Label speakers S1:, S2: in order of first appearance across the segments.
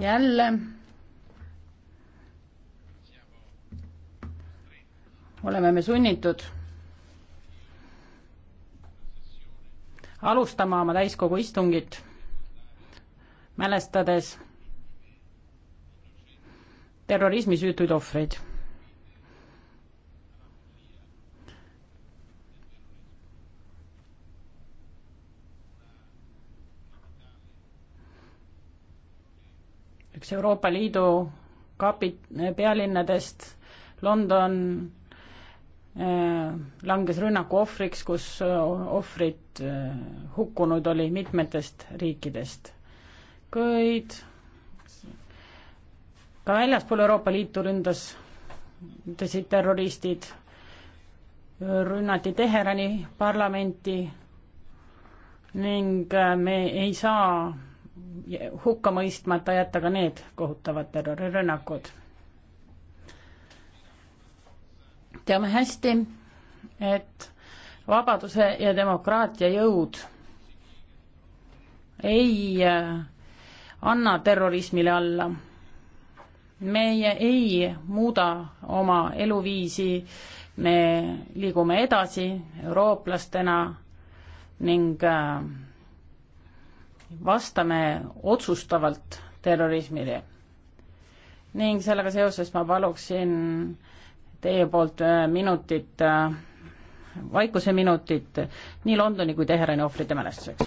S1: jälle oleme me sunnitud alustama oma täiskogu istungit, mälestades terrorismi süütuid ohvreid üks Euroopa Liidu kapi-, pealinnadest, London äh, langes rünnaku ohvriks, kus äh, ohvrid, äh, hukkunuid oli mitmetest riikidest. kuid ka väljaspool Euroopa Liitu ründas, ründasid terroristid, rünnati Teherani parlamenti ning me ei saa hukka mõistmata jätta ka need kohutavad terrorirünnakud. teame hästi, et vabaduse ja demokraatia jõud ei äh, anna terrorismile alla. meie ei muuda oma eluviisi, me liigume edasi eurooplastena ning äh, vastame otsustavalt terrorismile. ning sellega seoses ma paluksin teie poolt äh, minutit, äh, vaikuse minutit nii Londoni kui Teherani ohvrite mälestuseks.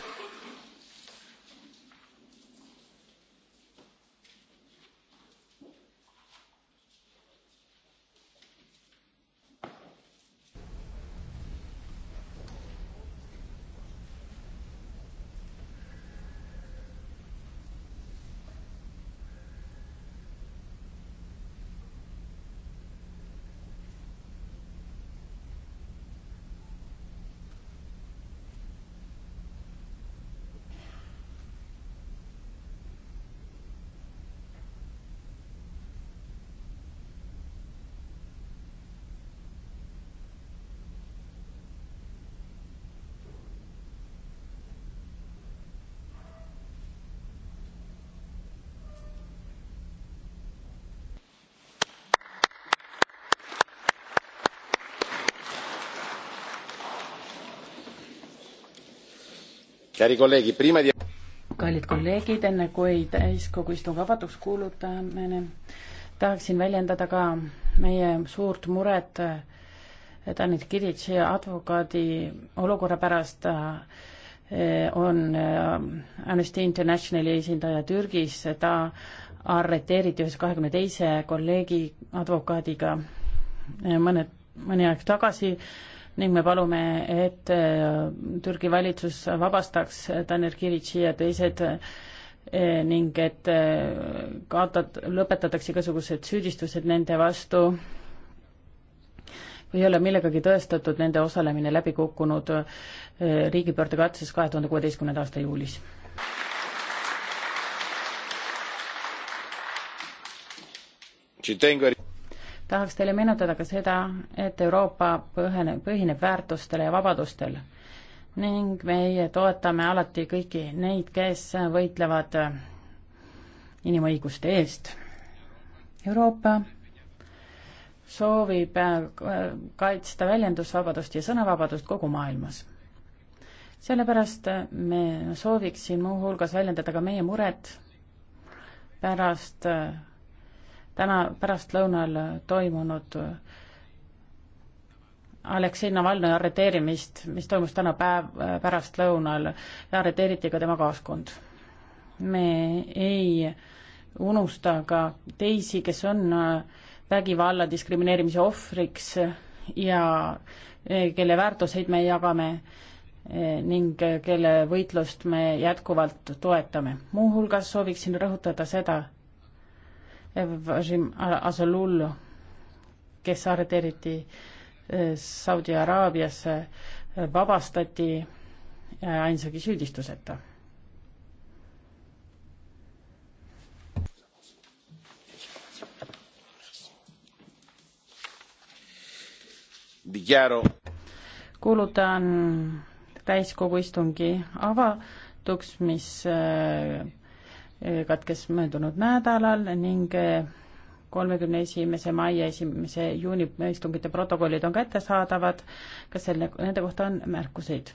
S1: kallid kolleegid, enne kui täiskogu istung avatuks kuulutame, tahaksin väljendada ka meie suurt muret eh, Tanel Kiritši advokaadi olukorra pärast. Eh, on eh, Amnesty Internationali esindaja Türgis, ta arreteeriti ühes kahekümne teise kolleegi advokaadiga mõned, mõni aeg tagasi ning me palume, et äh, Türgi valitsus vabastaks Taner Kiritši ja teised äh, ning et äh, kaotat-, lõpetatakse igasugused süüdistused nende vastu, ei ole millegagi tõestatud nende osalemine läbikukkunud riigipöördekatses kahe tuhande kuueteistkümnenda aasta juulis tahaks teile meenutada ka seda, et Euroopa põhene, põhineb väärtustele ja vabadustel ning meie toetame alati kõiki neid, kes võitlevad inimõiguste eest. Euroopa soovib äh, kaitsta väljendusvabadust ja sõnavabadust kogu maailmas. sellepärast me sooviksin muuhulgas väljendada ka meie muret pärast äh, täna pärastlõunal toimunud Aleksei Navalnõi arreteerimist, mis toimus täna päev, pärastlõunal ja arreteeriti ka tema kaaskond. me ei unusta ka teisi, kes on vägivalla diskrimineerimise ohvriks ja kelle väärtuseid me jagame ning kelle võitlust me jätkuvalt toetame. muuhulgas sooviksin rõhutada seda, Vajim Al-Azalul, kes arreteeriti eh, Saudi Araabias, eh, vabastati eh, ainsagi süüdistuseta. kuulutan täiskogu istungi avatuks, mis katkes möödunud nädalal ning eh, kolmekümne esimese mai ja esimese juuni istungite protokollid on kättesaadavad. kas selle, nende kohta on märkuseid?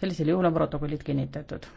S1: sellisel juhul on protokollid kinnitatud